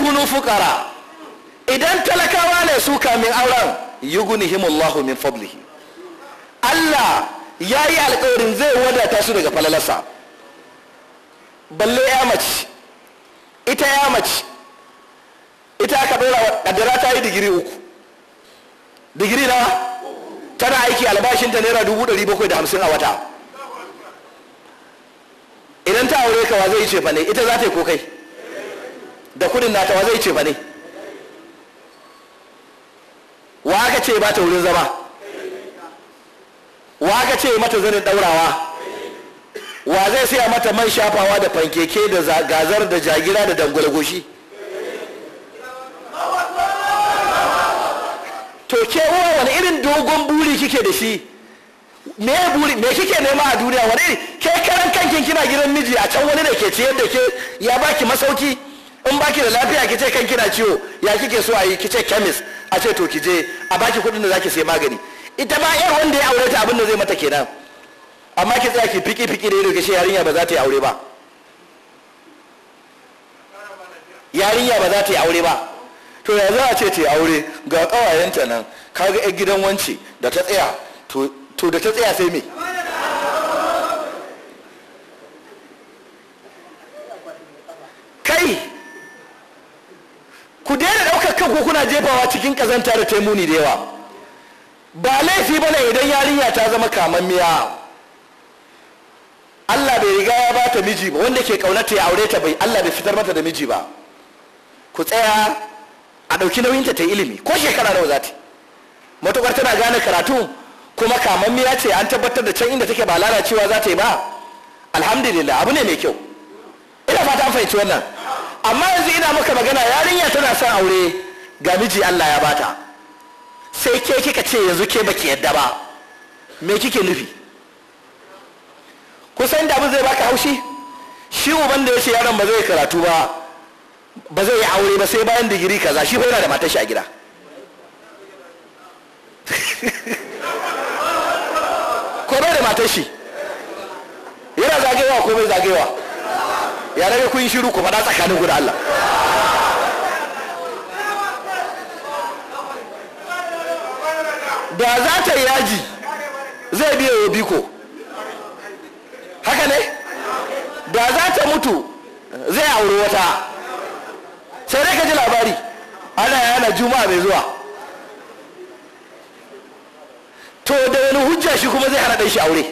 takunu fukara idan talakawa ne su kamin auren yugunihim Allahu min fadlihi Allah ya yi alkawarin zai wadata su daga falalasa balle ya mace ita ya mace ita aka dora kaddara ta yi digiri uku digiri na tana aiki albashinta naira dubu ɗari bakwai da hamsin a wata idan ta aure kawa zai yi cefane ne ita za ta yi kokai da kudin nata wa zai ce ba ne wa aka ce ba ta wurin zama wa aka ce mata zanin daurawa wa zai siya mata man shafawa da fankeke da gazar da jagira da dangwalgoshi to ke uwa wani irin dogon buri kike da shi me buri me kike nema a duniya wani ke karan kankin kina gidan miji a can wani da ke ciyar da ke ya baki masauki in baki da lafiya ki ce kan kina ciwo ya kike so a yi ki ce chemist a ce to ki a baki kuɗin da zaki sai magani ita ba yar wanda ya aure ta abin da zai mata kenan amma ki tsaya ki fiki fiki da ido ki ce yarinya ba za ta yi aure ba yarinya ba za ta yi aure ba to ya za a ce ta yi aure ga kawayenta nan kaga yar gidan wance da ta tsaya to da ta tsaya sai me kai ku daina ɗaukar kanku kuna jefawa cikin ƙazanta da taimuni da yawa ba laifi ba ne idan yarinya ta zama kamammiya Allah bai riga ya ba ta miji ba wanda ke ta ya aure ta bai Allah bai fitar mata da miji ba ku tsaya a ɗauki nauyinta ta yi ilimi ko shekara nawa za ta matuƙar tana gane karatu kuma kamammiya ce an tabbatar da can inda take ba lalacewa za ta yi ba alhamdulillah abu ne mai kyau ina fata an fahimci wannan amma yanzu ina maka magana yarinya tana son aure ga miji Allah ya bata sai ke kika ce yanzu ke baki yadda ba me kike nufi kusan da zai baka haushi shi uban da yace yaron ba zai karatu ba ba zai yi aure ba sai bayan digiri kaza shi yana da matashi shi a gida ko bai da matashi yana zagewa ko bai zagewa ya rage kun shiru ku faɗa tsakanin ku da Allah da za ta yaji zai biya wa biko haka ne da za ta mutu zai auri wata sai dai ka ji labari ana yana juma'a mai zuwa to da wani hujja shi kuma zai hana dan shi aure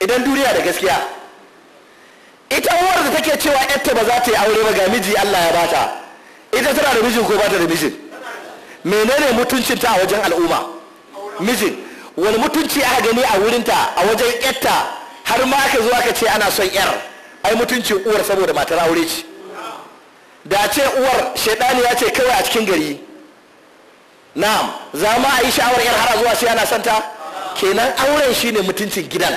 idan duniya da gaskiya ita uwar da take cewa yarta ba za ta yi aure ba ga miji Allah ya bata ita tana da mijin ko ba ta da mijin menene mutuncin ta a wajen al'umma mijin wani mutunci aka gani a wurinta a wajen yarta har ma aka zo aka ce ana son yar ai mutunci uwar saboda matar aure ce da ce uwar shaidani ya ce kawai a cikin gari na'am za ma a yi sha'awar yar har zuwa sai ana son ta kenan auren shine mutuncin gidan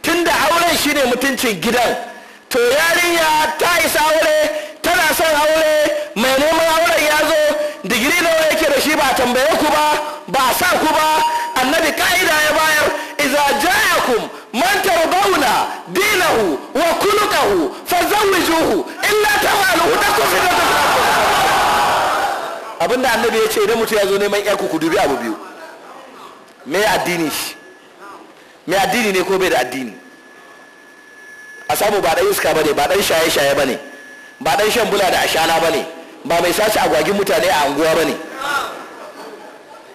tunda auren shine mutuncin gidan to yarinya ta isa aure tana son aure mai neman auren ya zo digiri nawa yake da shi ba tambaye ku ba ba sa ku ba annabi ka'ida ya bayar iza ja'akum man tarbauna dinahu wa kulukahu fazawwijuhu illa taf'aluhu takun Abin abinda annabi ya ce idan mutum ya zo neman yarku ku dubi abu biyu me addini shi me addini ne ko bai da addini a samu ba dan iska bane ba dan shaye shaye bane ba dan shan bula da ashana bane ba mai sace agwagin mutane a anguwa bane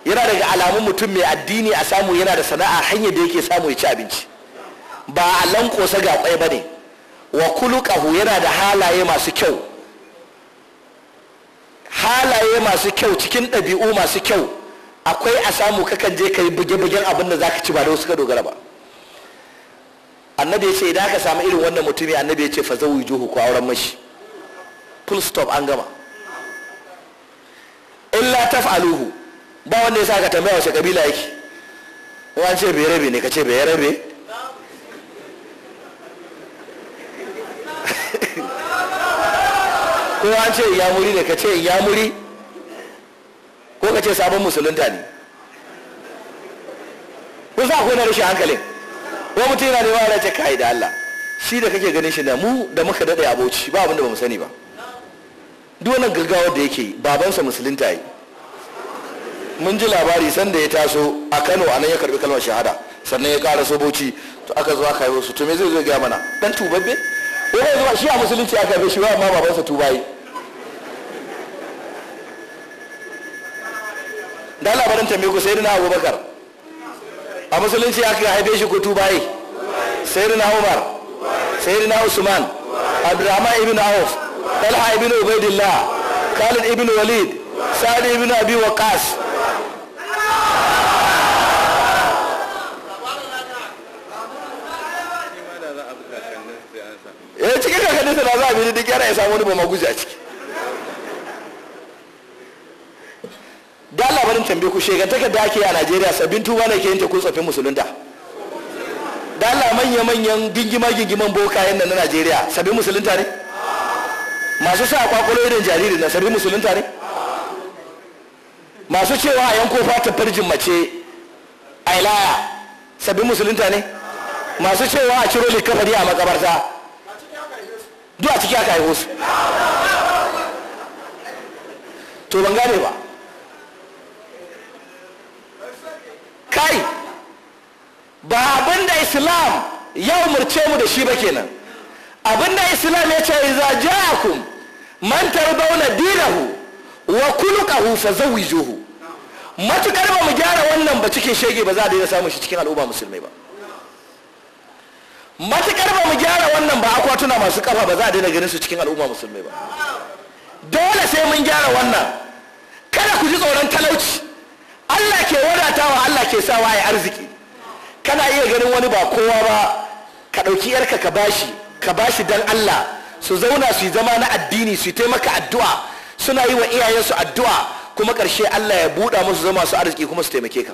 yana daga alamun mutum mai addini a samu yana da sana'a hanyar da yake samu ya ci abinci ba a lankosa ga kwai bane wa kulukahu yana da halaye masu kyau halaye masu kyau cikin ɗabi'u masu kyau akwai a samu kakan je ka yi buge-bugen abin da za ka ci ba da wasu ka dogara ba annabi ya ce idan aka samu irin wannan mutumi annabi ya ce fa yi juhu ku auren mashi full stop an gama illa taf'aluhu ba wanda ya sa ka tambaya wace kabila yake an ce bai rabe ne ka ce bai rabe ko an ce muri ne ka ce ya muri ko ka ce sabon musulunta ne kusa ku na rashin hankalin wani mutum yana neman ana ce kai da Allah shi da kake ganin shi na mu da muka daɗe aboci ba abinda ba mu sani ba duk wannan gaggawar da yake babansa musulunta yi mun ji labari sanda ya taso a kano a nan ya karbi kalmar shahada sannan ya kara soboci to aka zo aka yi su to me zai zo ga mana dan tubabbe ko zai zo shi a musulunci aka bai shi ba amma babansa tubayi da labarin me ku sayyidina abubakar a musulunci aka haife shi ko tubaye sayyidu na umar sayyidu na usman abdurrahman ibn auf talha ibn ubaidillah khalid ibn walid sa'ad ibn abi waqas eh cikin kakadisa na za a bi duk yana ya samu wani ba maguzi a ciki da labarin tambaye ku shegantakar da ake a Najeriya sabbin tuba ne ke yin ko tsofin musulunta da Allah manya manyan gingima gingiman boka nan na Najeriya sabbin musulunta ne masu sa kwakwalo irin jariri na sabbin musulunta ne masu cewa a yanko fata farjin mace a ilaya sabbin musulunta ne masu cewa a ciro likafari a makabarta duk a ciki aka haihu su to ban gane ba kai ba abin da islam ya umarce mu da shi ba kenan abin da islam ya ce za iza ja'akum man tarbawna dinahu wa kulukahu fa juhu matukar ba mu gyara wannan ba cikin shege ba za a daina samun shi cikin al'umma musulmai ba matukar ba mu gyara wannan ba akwatuna masu kafa ba za a daina ganin su cikin al'umma musulmai ba dole sai mun gyara wannan kada ku ji tsoron talauci Allah ke wadatawa Allah ke sawa ya arziki kana iya ganin wani ba kowa ba ka ɗauki yarka ka bashi ka bashi dan Allah su zauna su zama na addini su taimaka addu'a suna yi wa iyayensu addu'a kuma ƙarshe Allah ya buɗa musu zama su arziki kuma su taimake ka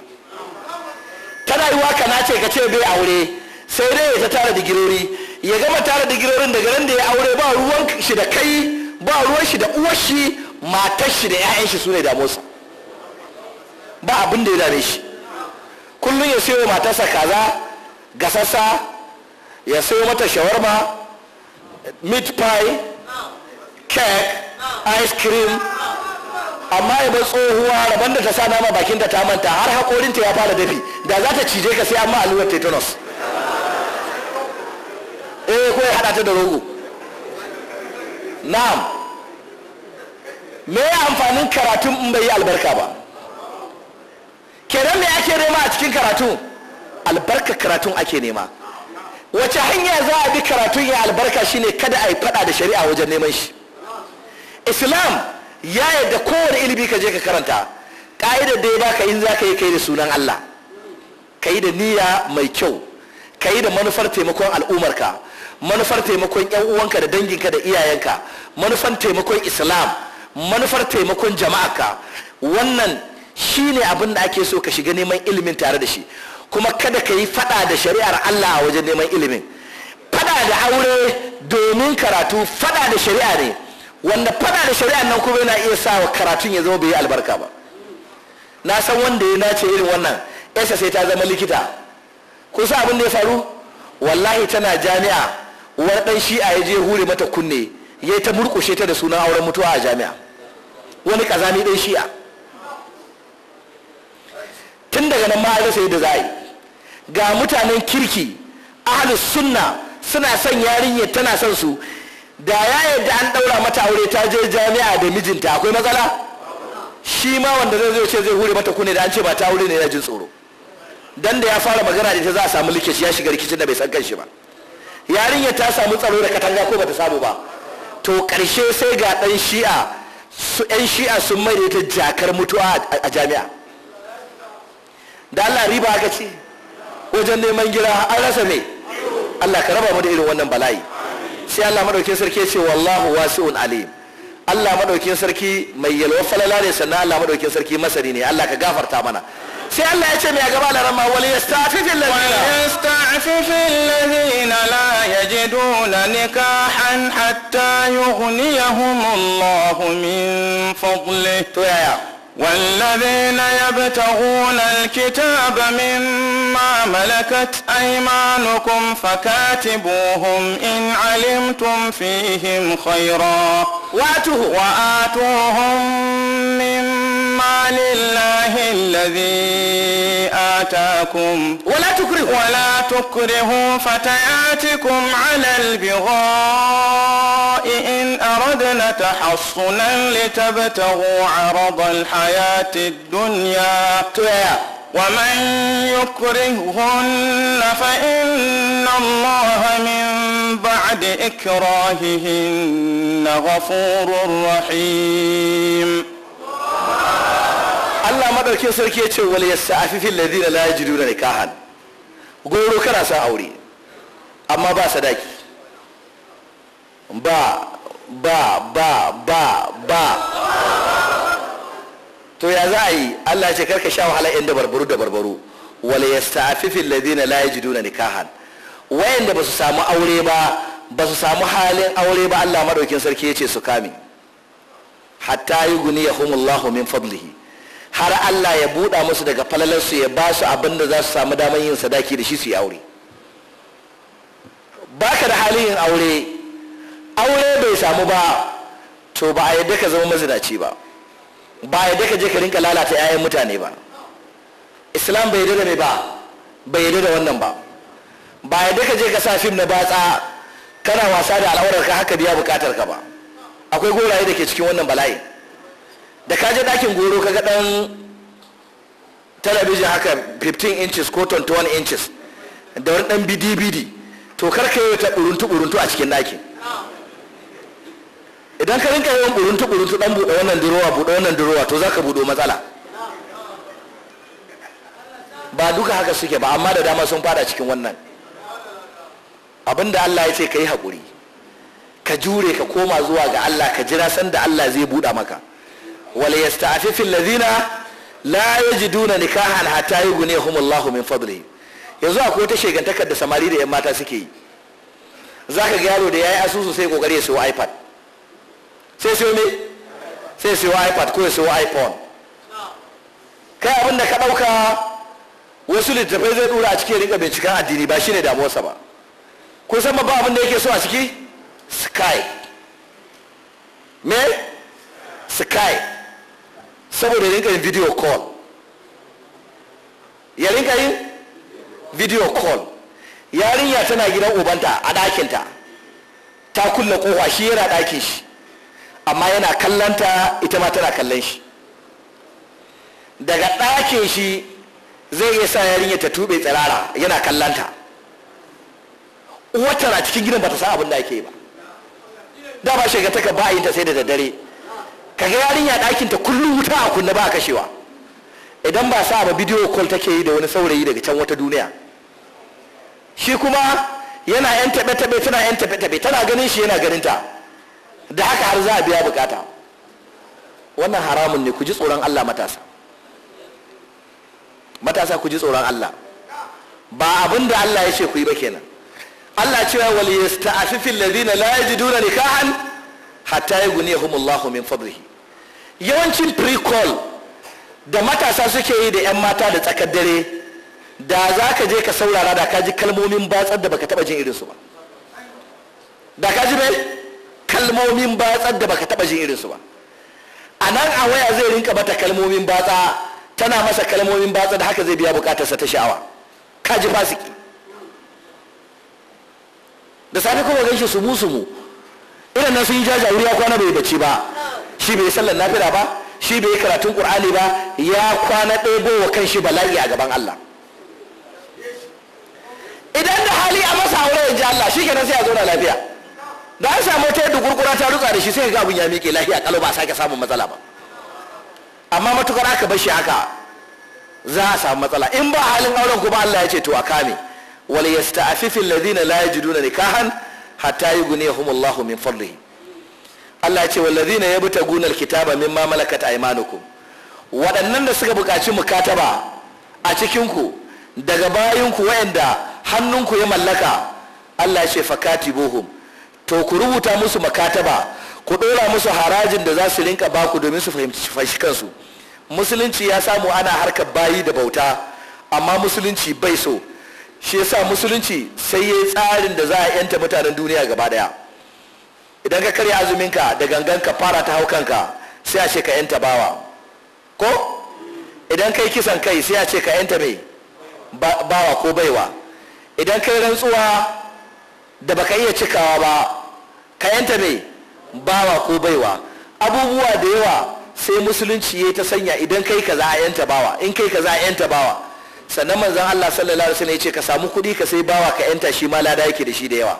tana yi waka na ce ka ce bai aure sai dai ya ta tara digirori ya gama tara digirorin daga nan da ya aure ba ruwan shi da kai ba ruwan shi da uwar shi matar shi da 'ya'yan shi su ne damuwarsa ba abin da ya dame shi kullum ya sayo matarsa kaza gasassa ya sayo mata shawarma meat pie cake ice cream amma ya bar tsohuwa rabon da ta sa nama bakinta ta manta har haƙorinta ya fara dafi da za ta cije ka sai amma allurar tetanus eh ko ya haɗa ta da rogo na'am me amfanin karatun in bai yi albarka ba kenan me ake nema a cikin karatu albarka karatun ake nema wace hanya za a bi karatun ya albarka shine kada a yi fada da shari'a wajen neman shi islam ya yadda kowane ilimi ka je ka karanta ka'idar da ya baka in za ka yi kai da sunan allah ka yi da niyya mai kyau ka yi da manufar taimakon al'ummarka manufar taimakon yan uwanka da danginka da iyayenka manufar taimakon islam manufar taimakon jama'aka wannan shi ne abin da ake so ka shiga neman ilimin tare da shi kuma kada ka yi fada da shari'ar Allah a wajen neman ilimin fada da aure domin karatu fada da shari'a ne wanda fada da shari'a nan kuma yana iya sa karatun ya zama bai albarka ba na san wanda ya nace irin wannan yasa sai ta zama likita kun sa abin da ya faru wallahi tana jami'a wani dan shi'a ya je hure mata kunne ya ta murkushe ta da sunan auren mutuwa a jami'a wani kazami dan shi'a tun daga nan ma an rasa yadda za a yi ga mutanen kirki ahlus sunna suna son yarinyar tana son su da ya yadda an ɗaura mata aure ta je jami'a da mijinta akwai matsala shi ma wanda zai zo ce zai hure mata kune da an ce ba ta aure ne ya jin tsoro dan da ya fara magana da ita za a samu likici ya shiga rikicin da bai san kanshi ba yarinyar ta samu tsaro da katanga ko bata samu ba to karshe sai ga dan shi'a su yan shi'a sun mai da ita jakar mutuwa a jami'a da Allah riba aka ce wajen neman gira an rasa mai Allah ka raba mu da irin wannan bala'i sai Allah madaukin sarki ce wallahu wasi'un alim Allah madaukin sarki mai yalwa falala ne sannan Allah madaukin sarki masani ne Allah ka gafarta mana sai Allah ya ce mai gaba da rama wal yasta'fifil ladina wal yasta'fifil ladina la yajiduna nikahan hatta yughniyahum Allah min fadlihi to yaya والذين يبتغون الكتاب مما ملكت أيمانكم فكاتبوهم إن علمتم فيهم خيرا وآتوهم مما لله الذي فتاكم ولا تكرهوا ولا تكرهوا فتياتكم على البغاء إن أردنا تحصنا لتبتغوا عرض الحياة الدنيا ومن يكرههن فإن الله من بعد إكراههن غفور رحيم Allah madaukin sarki ya ce wal yasta'afifil ladina la yajiduna nikahan goro kana sa aure amma ba sadaki ba ba ba ba ba to ya za a yi Allah ce karka sha wahala yan da barbaru da barbaru wal yasta'afifil ladina la yajiduna nikahan wayanda ba su samu aure ba ba su samu halin aure ba Allah madaukin sarki ya ce su kame hatta yughniyahumullahu min fadlihi har Allah ya buɗa musu daga falalarsu ya ba su abin da za su samu damar yin sadaki da shi su yi aure Ba ka da halin yin aure aure bai samu ba to ba a yadda ka zama mazinaci ba ba a yadda ka je ka rinka lalata 'ya'yan mutane ba islam bai yadda da ba bai yadda da wannan ba ba a yadda ka je ka sa fim na batsa kana wasa da al'aurar ka haka biya bukatar ka ba akwai goraye da ke cikin wannan bala'in da ka je ɗakin goro ka ga ɗan talabijin haka 15 inches ko 21 inches da wani ɗan bidi-bidi to kar ka yi ta buruntu buruntu a cikin ɗakin idan ka rinka yawan buruntu buruntu ɗan buɗe wannan durowa buɗe wannan durowa to za ka buɗo matsala ba duka haka suke ba amma da dama sun fada cikin wannan abinda Allah ya ce ka yi haƙuri ka jure ka koma zuwa ga Allah ka jira sanda Allah zai buɗa maka wal yasta'fifu Ladina la yajiduna nikahan hatta yughnihum Allahu min fadlihi yanzu akwai ta shegantakar da samari da yan mata suke yi za ka yaro da ya yi asusu sai kokari ya siyo iPad sai siyo me sai sayo iPad ko ya siyo iPhone kai abin da ka ɗauka wasu littattafai zai dura a cikin rinka binciken addini ba shine damuwarsa ba ko san ba abin da yake so a ciki sky me sky saboda ya rinka yin video call ya rinka yin video call yarinya tana gidan ubanta a ɗakinta ta kulle kowa shi yana ɗakin shi amma yana kallanta ita ma tana kallon shi daga ɗakin shi zai iya sa yarinya ta tube tsirara yana kallanta uwar tana cikin gidan ba ta san abin da ake yi ba da ba shiga taka ba ta sai da daddare kaga yarinya ɗakin ta kullum wuta a kunna ba kashewa idan ba sa ba bidiyo call take yi da wani saurayi daga can wata duniya shi kuma yana yan taɓe taɓe tana yan taɓe taɓe tana ganin shi yana ganin ta da haka har za a biya bukata wannan haramun ne ku ji tsoron Allah matasa matasa ku ji tsoron Allah ba abin da Allah ya ce ku yi ba kenan Allah cewa wal yasta'afifil ladina la yajiduna nikahan hatta yughniyahumullahu min fadlihi yawancin pre-call da matasa suke yi da 'yan mata da tsakar dare da za ka je ka saurara da ka ji kalmomin batsar da baka taba jin irinsu ba da ka ji bai kalmomin batsar da baka taba jin irinsu ba a nan a waya zai rinka mata kalmomin batsa tana masa kalmomin batsa da haka zai biya bukatarsa ta sha'awa ka ji fasiki da safe kuma ganshi su mu su mu irin nan sun yi wuri ya kwana bai bacci ba shi bai sallar lafiya ba shi bai karatun qur'ani ba ya kwana ɗebo wa kanshi bala'i a gaban Allah idan da hali a masa aure ya ji Allah shi kenan sai a zauna lafiya da an samu ta yadda gurgura ta rutsa da shi sai ga abin ya miƙe lafiya kalau ba sake samun matsala ba amma matukar aka bar shi haka za a samu matsala in ba halin auren ku ba Allah ya ce to a kame wal yasta'fifil ladina la yajiduna nikahan hatta yughnihum Allahu min fadlihi Allah ce ya bi ta gunar kitaba min mimma malakat aymanukum waɗannan da suka buƙaci mukataba a cikinku daga bayinku waɗanda hannunku ya mallaka Allah ce fakati to ku rubuta musu makataba ku ɗora musu harajin da za su rinka baku domin su fahimci kansu musulunci ya samu ana harkar bayi da bauta amma musulunci bai so shi yasa musulunci sai yayi tsarin da za a yanta mutanen duniya gaba daya idan ka karya azuminka da gangan ka fara ta hau kanka sai a ce ka yanta bawa ko idan kai kisan kai sai a ce ka yanta mai bawa ko baiwa idan kai rantsuwa da baka iya cikawa ba ka yanta mai bawa ko baiwa abubuwa da yawa sai musulunci ya ta sanya idan kai ka za a yanta bawa in kai ka za a yanta bawa sannan manzon Allah sallallahu alaihi wasallam ce ka samu kuɗi ka sai bawa ka yanta shi ma lada yake da shi da yawa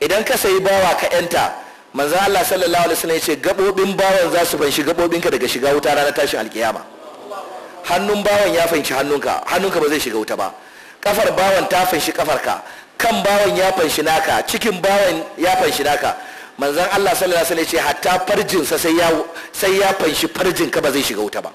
idan ka sai bawa ka yanta manzon Allah sallallahu alaihi wasallam ce gabobin bawan za su fanshi ka daga shiga wuta ranar tashin alkiyama hannun bawan ya fanshi hannunka hannunka ba zai shiga wuta ba kafar bawan ta fanshi kafarka kan bawan ya fanshi naka cikin bawan ya fanshi naka manzon Allah sallallahu alaihi wasallam ce hatta farjinsa sai ya sai ya fanshi farjinka ba zai shiga wuta ba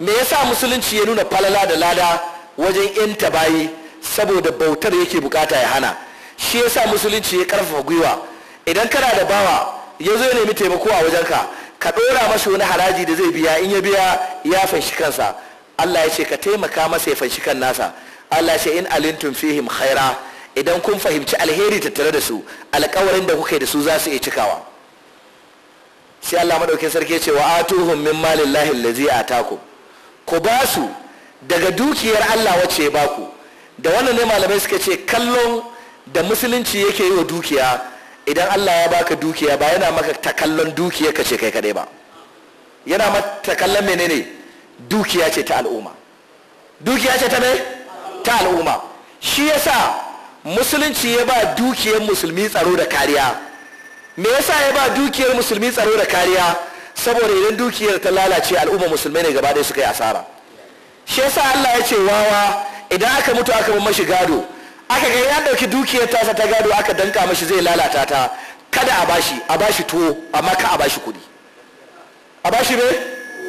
me yasa musulunci ya nuna falala da lada wajen yanta bayi saboda bautar yake bukata ya hana shi yasa musulunci ya karfafa gwiwa idan kana da bawa ya zo ya nemi taimako a wajen ka ka ɗora masa wani haraji da zai biya in ya biya ya fanshi kansa Allah ya ce ka taimaka masa ya fanshi kan nasa Allah ya ce in alintum fihim khaira idan kun fahimci alheri tattare da su alkawarin da kuka da su za su iya cikawa sai Allah madaukin sarki ya ce wa atuhum min malillahi allazi atakum ku ba su daga dukiyar Allah wacce ya baku da wannan ne malamai suka ce kallon da musulunci yake yi wa dukiya idan Allah ya baka dukiya ba yana maka ta kallon dukiya ka ce kai kadai ba yana maka ta kallon menene dukiya ce ta al'umma dukiya ce ta me ta al'umma shi yasa musulunci ya ba dukiyar musulmi tsaro da kariya me yasa ya ba dukiyar musulmi tsaro da kariya saboda idan dukiyar ta lalace al'umma musulmai ne gaba ɗaya suka yi asara shi yasa Allah ya ce wawa idan aka mutu aka bar mashi gado aka ga ya dauki dukiyar tasa ta gado aka danka mashi zai lalata ta kada a bashi a bashi tuwo amma ka a bashi kuɗi a bashi ne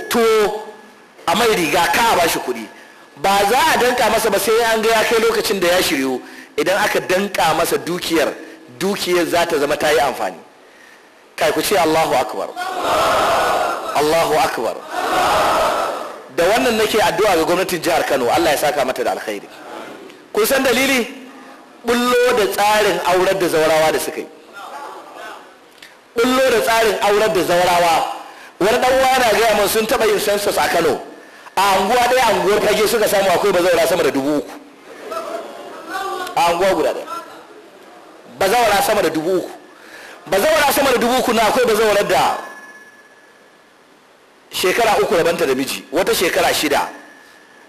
tuwo a mai riga ka a bashi kuɗi ba za a danka masa ba sai an ga ya kai lokacin da ya shiryu idan aka danka masa dukiyar dukiyar za ta zama ta yi amfani kai ku ce Allahu akbar Allahu akbar da wannan nake addu'a ga gwamnatin jihar Kano Allah ya saka mata da alkhairi kun san dalili bullo da tsarin aurar da zaurawa da suka yi bullo da tsarin aurar da zaurawa wani dan na gaya mun sun taba yin census a Kano a anguwa ɗaya anguwar fage suka samu akwai zaura sama da dubu uku a anguwa guda ɗaya zaura sama da dubu uku zaura sama da dubu uku na akwai zaura da shekara uku rabanta da miji wata shekara shida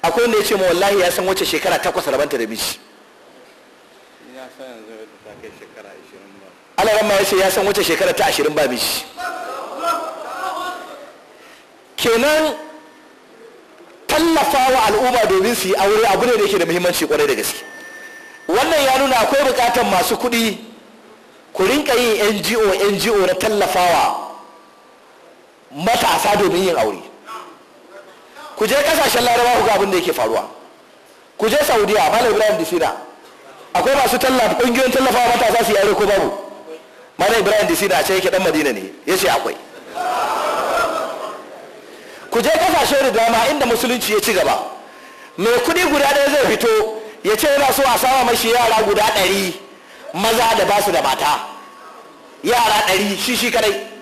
akwai wanda ya ce ma wallahi ya san wace shekara takwas rabanta da miji Allah ramma ya ce ya san wace shekara ta ashirin ba miji kenan tallafa wa al'umma domin su yi aure abu ne da yake da muhimmanci kwarai da gaske wannan ya nuna akwai bukatar masu kuɗi ku rinka yin ngo ngo na tallafawa matasa domin yin aure ku je kasashen laraba ku ga abin da yake faruwa ku je saudiya malam ibrahim disina akwai masu tallafa kungiyoyin tallafawa matasa su yi aure ko babu malam ibrahim disina ce yake dan madina ne ya ce akwai ku je kasashen da dama inda musulunci ya ci gaba mai kudi guda ɗaya zai fito ya ce yana so a sama mashi yara guda ɗari maza da basu da mata yara ɗari shi shi kadai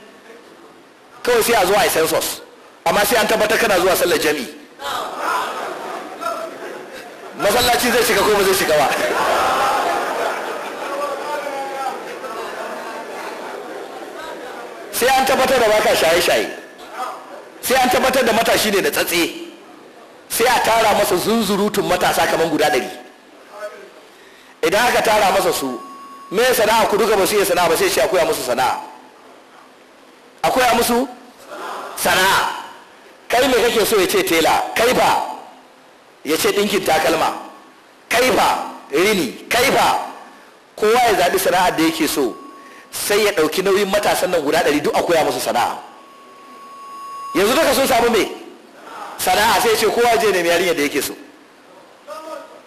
kawai sai a zuwa a census amma sai an tabbatar kana zuwa sallar jami'i masallaci zai shiga ko ba zai shiga ba sai an tabbatar da baka shaye-shaye sai an tabbatar da matashi ne da tsatse sai a tara masa zunzurutun matasa kamar guda ɗari idan aka tara masa su me sana'a ku duka ba su yi sana'a ba sai shi a koya musu sana'a a koya musu sana'a kai me kake so ya ce tela kai fa ya ce ɗinkin takalma kai fa rini kai fa kowa ya zaɓi sana'a da yake so sai ya ɗauki nauyin matasan nan guda ɗari duk a koya musu sana'a yanzu duka sun samu me sana'a sai ya ce kowa je nemi yarinya da yake so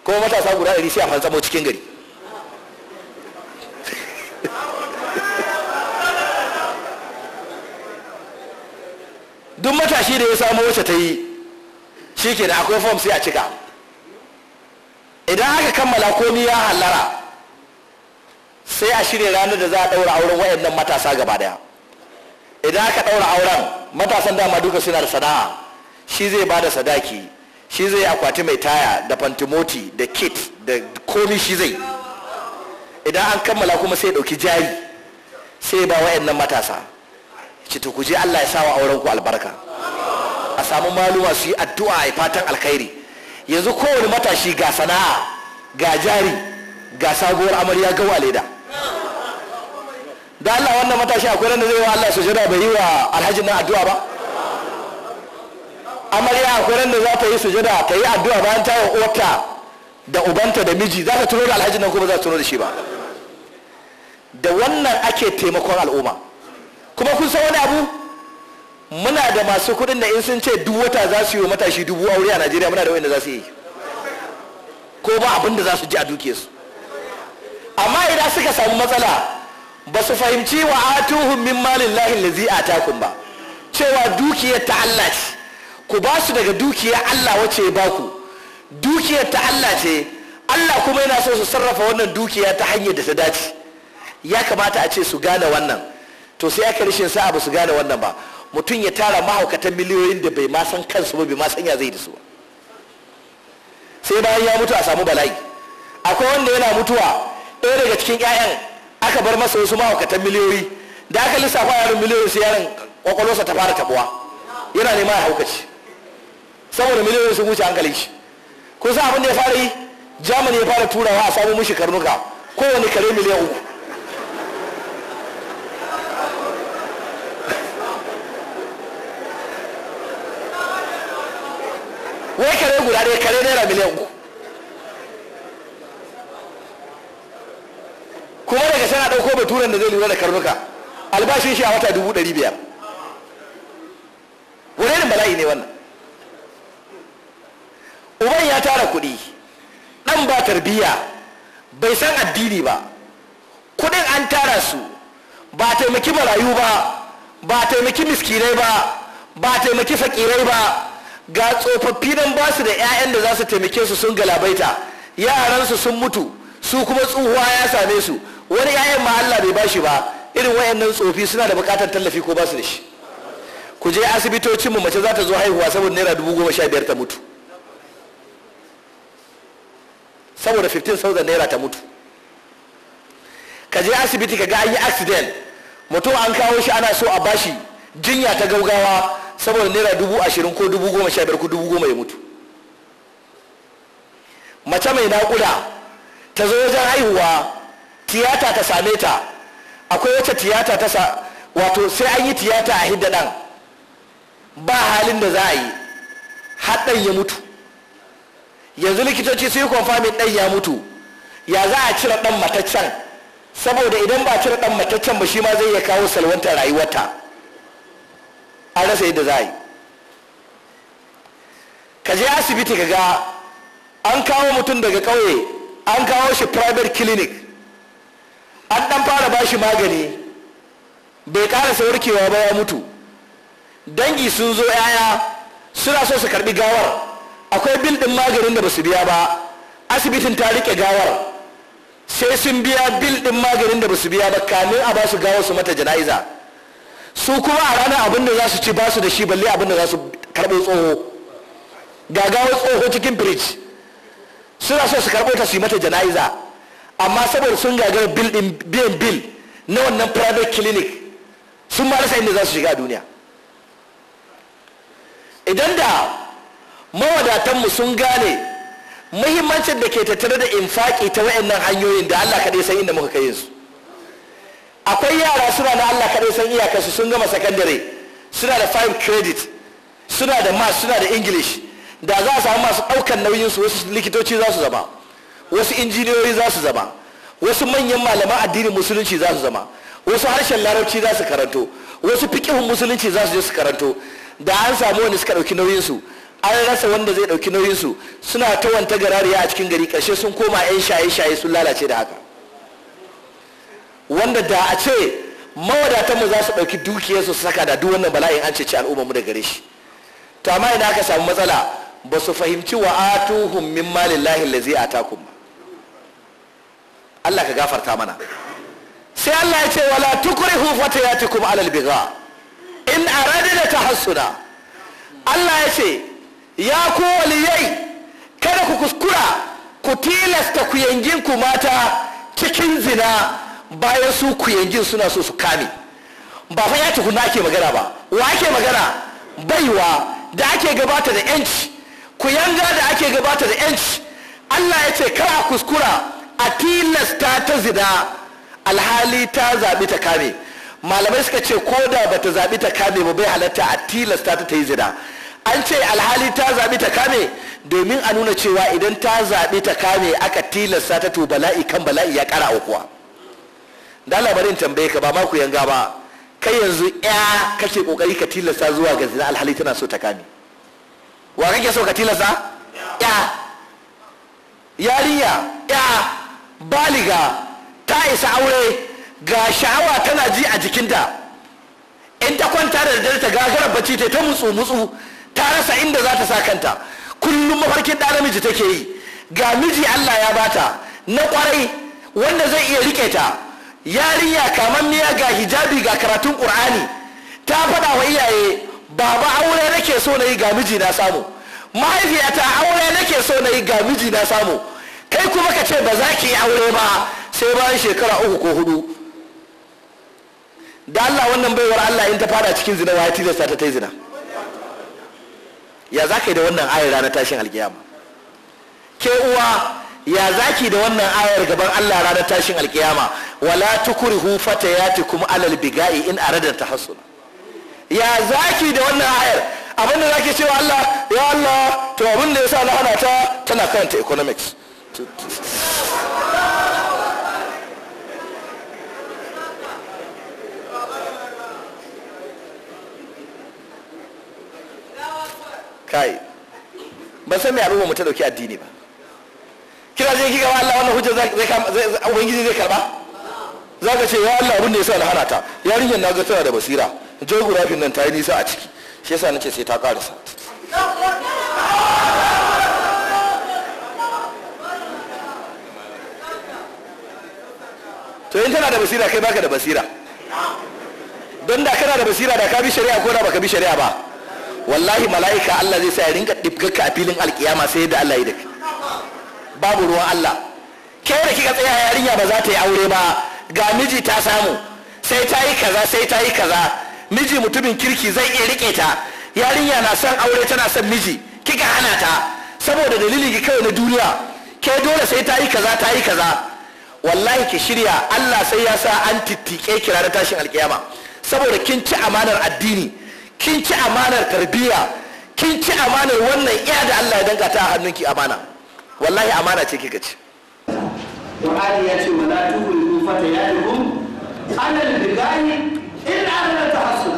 kuma matasa guda ɗari sai a fantsamo cikin gari duk matashi da ya samu wacce ta yi shi ke da akwai fom sai a cika idan aka kammala komi ya hallara sai a shirya ranar da za a ɗaura auren waɗannan matasa gaba daya idan aka ɗaura auren matasan dama duka suna da sana'a shi zai ba da sadaki shi zai akwati mai taya da fantimoti da kit da komi shi zai idan an kammala kuma sai ɗauki jari sai ba waɗannan matasa ki to kuje Allah ya sa wa auren ku albarka a samu maluma su yi addu'a a fatan alkhairi yanzu kowane matashi ga sana'a ga jari ga sabuwar amarya ga waleda da Allah wannan matashi akwai nan da zai wa Allah jira bai yi wa alhaji na addu'a ba amarya akwai nan da za ta yi jira ta yi addu'a bayan ta yi da ubanta da miji za ta tuno da alhaji nan ko ba za ta tuno da shi ba da wannan ake taimakon al'umma kuma kun san wani abu muna da masu kuɗin da in sun ce duk wata za su yi wa matashi dubu aure a najeriya muna da wanda za su yi ko ba abin da za su ji a duke amma idan suka samu matsala ba su fahimci wa atuhum min malin lahin lazi a ba cewa dukiyar ta Allah ce ku ba su daga dukiyar Allah wace ya baku dukiyar ta Allah ce Allah kuma yana so su sarrafa wannan dukiya ta hanyar da ta dace ya kamata a ce su gane wannan to sai aka rishin sa ba su gane wannan ba mutum ya tara mahaukatan miliyoyin da bai ma san kansu ba bai ma san ya zai da su ba sai bayan ya mutu a samu bala'i akwai wanda yana mutuwa ɗaya daga cikin 'ya'yan aka bar masa wasu mahaukatan miliyoyi da aka lissafa yaron miliyoyin sai yaron kwakwalwarsa ta fara tabuwa yana neman ya haukaci saboda miliyoyin sun wuce hankalin shi kun san abin da ya fara yi jamani ya fara turawa a samu mishi karnuka kowane kare miliyan uku wai kare guda ɗaya kare naira miliyan uku kuma daga sana ɗauko baturen da zai lura da karnuka albashin shi a wata dubu ɗari biyar wani irin bala'i ne wannan uban ya tara kuɗi ɗan ba tarbiyya bai san addini ba kuɗin an tara su ba taimaki marayu ba ba taimaki miskinai ba ba taimaki fakirai ba ga tsofaffi nan ba su da 'ya'yan da za su taimake su sun galabaita yaransu sun mutu su kuma tsohuwa ya same su wani 'ya'yan ma Allah bai bashi ba irin wayannan tsofi suna da bukatar tallafi ko ba su da shi ku je asibitocin mu mace za ta zo haihuwa saboda naira dubu goma sha biyar ta mutu saboda 15,000 naira ta mutu ka je asibiti ka ga an yi accident mutum an kawo shi ana so a bashi jinya ta gaugawa saboda naira dubu ashirin ko dubu goma sha biyar ko dubu goma ya mutu mace mai naƙuda ta zo wajen haihuwa tiyata ta same ta akwai wacce tiyata ta sa wato sai an yi tiyata a hidda ɗan ba halin da za a yi haɗɗan ya mutu yanzu likitoci sun yi kwamfamin ɗan ya mutu ya za a cire ɗan mataccen saboda idan ba cire ɗan mataccen ba shi ma zai iya kawo salwantar rayuwarta an rasa yadda za a yi ka je asibiti ka ga an kawo mutum daga ƙauye an kawo shi private clinic an ɗan fara bashi magani bai kara warkewa ba ya mutu dangi sun zo 'ya'ya suna so su karɓi gawar akwai bil maganin da ba su biya ba asibitin ta rike gawar sai sun biya bil maganin da ba su biya ba kamin a ba su gawar su mata jana'iza su kuma a ranar abin da za su ci ba su da shi balle abin da za su karɓo tsoho gagawar tsoho cikin firij suna so su karɓo ta su yi mata jana'iza amma saboda sun gagara biyan bil na wannan private clinic sun ma rasa inda za su shiga duniya idan da mawadatanmu sun gane muhimmancin da ke tattare da infaƙi ta wayannan hanyoyin da allah kaɗai sai inda muka kai su akwai yara suna na Allah kaɗai san iyakarsu sun gama sakandare suna da five credit suna da math suna da english da za a samu masu ɗaukar nauyin su wasu likitoci za su zama wasu injiniyoyi za su zama wasu manyan malaman addinin musulunci za su zama wasu harshen larabci za su karanto wasu fikihun musulunci za su je su karanto da an samu wani suka ɗauki nauyin su an rasa wanda zai ɗauki nauyin su suna ta wanta garariya a cikin gari karshe sun koma 'yan shaye-shaye sun lalace da haka wanda da a ce mawadatanmu za su ɗauki dukiyar su saka da duk wannan bala'in an ceci al'ummarmu da gare shi to amma idan aka samu matsala ba su fahimci wa atuhum min malillahi allazi Allah ka gafarta mana sai Allah ya ce wala tukrihu fatayatikum alal biga in ta tahassuna Allah ya ce ya ku waliyai kada ku kuskura ku tilasta ku yangin ku mata cikin zina bayan su kuyangin suna so su kame ba fa ya tukuna ake magana ba wa ake magana baiwa da ake gabata da yanci kuyanga da ake gabata da yanci Allah ya ce kar a kuskura a tilasta ta zina alhali ta zaɓi ta kame malamai suka ce ko da ba ta zaɓi ta kame ba bai halatta a tilasta ta ta yi zina an ce alhali ta zaɓi ta kame domin a nuna cewa idan ta zaɓi ta kame aka tilasta ta to bala'i kan bala'i ya ƙara aukuwa. da labarin tambaye ka ba ma ku yanga ba kai yanzu ya kake kokari ka tilasta zuwa ga zina alhali tana so ta kame wa kake so ka tilasta ya yariya ya baliga ta isa aure ga sha'awa tana ji a jikinta in ta kwanta da dare ta gagarar bacci ta ta mutsu mutsu ta rasa inda za ta sa kanta kullum mafarkin da namiji take yi ga miji Allah ya bata na kwarai wanda zai iya rike ta yarinya miya ga hijabi ga karatun ƙur'ani ta faɗa wa iyaye baba aure nake so na yi ga miji na samu mahaifiyata aure nake so na yi ga miji na samu kai kuma ka ce ba za ki yi aure ba sai bayan shekara uku ko hudu da Allah wannan baiwar Allah in ta fada cikin zina wa ya tilasta ta ta zina ya za ka yi da wannan ayar ranar tashin alkiyama ke uwa ya zaki da wannan ayar gaban Allah ranar tashin alkiyama wala tukrihu fatayatikum alal bigai in arada tahassul ya zaki da wannan ayar abinda zaki cewa Allah ya Allah to abin da yasa na hana ta tana karanta economics kai ban san me abin mu ta dauki addini ba kina je ki gaba Allah wannan hujja zai ubangiji zai karba za ka ce ya Allah abin da ya sa na hana ta yarinyar na ga tana da basira geographin nan ta yi nisa a ciki shi yasa nace sai ta karasa to in tana da basira kai baka da basira don da kana da basira da ka bi shari'a ko da baka bi shari'a ba wallahi mala'ika Allah zai sa ya rinka dibgaka a filin alkiyama sai da Allah ya daka babu ruwan Allah ke da kika tsaya yarinya ba za ta yi aure ba ga miji ta samu sai ta yi kaza sai ta yi kaza miji mutumin kirki zai iya rike ta yarinya na son aure tana son miji kika hana ta saboda dalili ki kawai na duniya ke dole sai ta yi kaza ta yi kaza wallahi ki shirya Allah sai ya sa an tittike ki ranar tashin alkiyama saboda kin ci amanar addini kin ci amanar tarbiyya kin ci amanar wannan iya da Allah ya danka a hannunki amana wallahi amana ce kika ci Qur'ani ya ce wala tuhul fatayatukum alal bigai in arada tahassul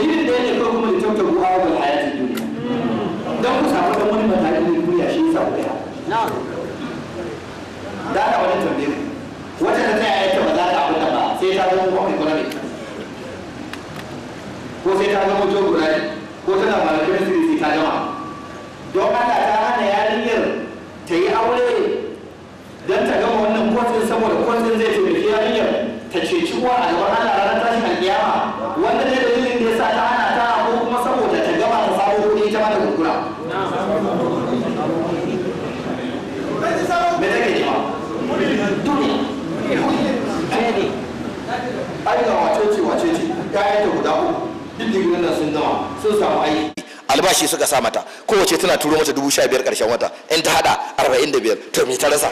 dalilin da ya yake kuma da tauta ku ayat al hayat duniya don ku samu da wani mataki ne duniya shi yasa ku ya da ta wani tambaye wata ta tsaya yake ba za ta abu ba sai ta zama kuma economic ko sai ta zama geography ko tana malamin sirri ta gama don Allah ta hana yarinyar ta yi aure don ta gama wannan kwatin saboda kwatin zai taimaki yarinyar ta ceci uwa a gaban albashi suka sa mata kowace tana turo mata dubu sha biyar karshen wata in ta hada arba'in da biyar to me ta rasa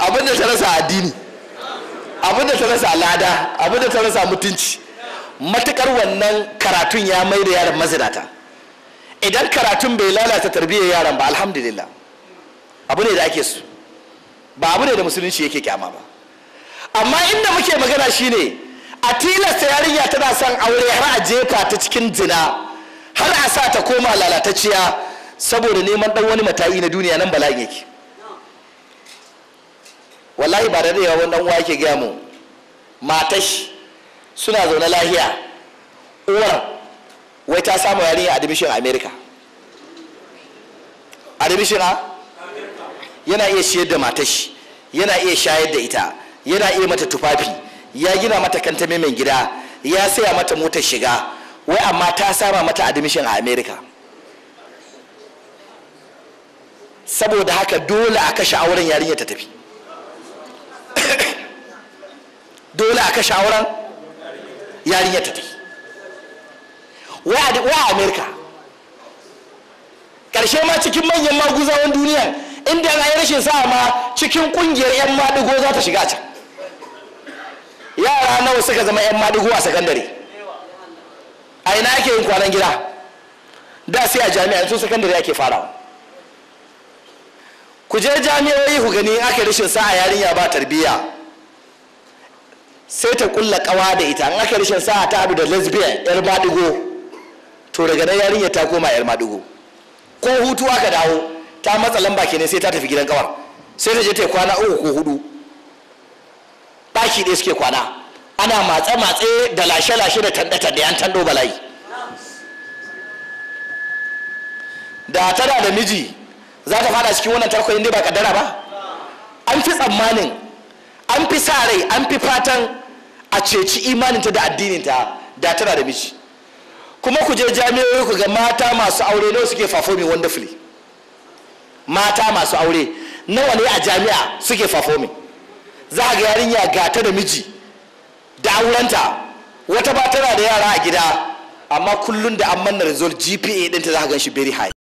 abin da ta rasa addini abin da ta rasa lada abin da ta rasa mutunci matukar wannan karatun ya mai da yaran mazinata idan karatun bai lalata tarbiyyar yaran ba alhamdulillah abu ne da ake su ba abu ne da musulunci yake kyama ba amma inda muke magana shine a tilasta yarinya tana son aure har a jefa ta cikin zina har a sa ta koma lalatacciya saboda neman dan wani mata'i na duniya nan bala'in yake wallahi ba da daya wani dan uwa yake gaya mu matash suna zaune lahiya uwar wai ta samu yarinya a dimishin america dimishin a yana iya ciyar da matashi yana iya shayar da ita yana iya mata tufafi ya gina mata kantame mai gida ya saya mata motar shiga wai amma ta sama mata admission a america saboda haka dole a kashe auren yarinya ta tafi dole a kashe auren yarinya ta tafi wai a america karshe ma cikin manyan maguzawan duniya inda na yi rashin sa ma cikin kungiyar 'yan maɗigo za ta shiga can yara nawa suka zama 'yan maɗigo a sakandare a ina ake yin kwanan gida da sai a jami'a tun sakandare ake fara ku je jami'oyi ku gani aka rashin sa'a yarinya ba tarbiyya sai ta kulla kawa da ita in aka rashin sa'a ta abu da lesbian yar maɗigo to daga nan yarinya ta koma yar maɗigo ko hutu aka dawo ta matsa lamba kenan sai ta tafi gidan kawar sai ta je ta kwana uku ko hudu ɗaki ɗaya suke kwana ana matse-matse da lashe-lashe da tanɗe da yan tando bala'i da tana da miji za ta fada cikin wannan tarko inda ba kaddara ba an fi tsammanin an fi sa rai an fi fatan a ceci imaninta da addininta da tana da miji kuma ku je jami'o'i ku ga mata masu aure nawa suke wanda wonderfully mata masu aure nawa ne a jami'a suke performing za a ga yarinya gata da miji da aurenta wata ba tana da yara a gida amma kullum da an manna result gpa ɗinta za ka gan shi very high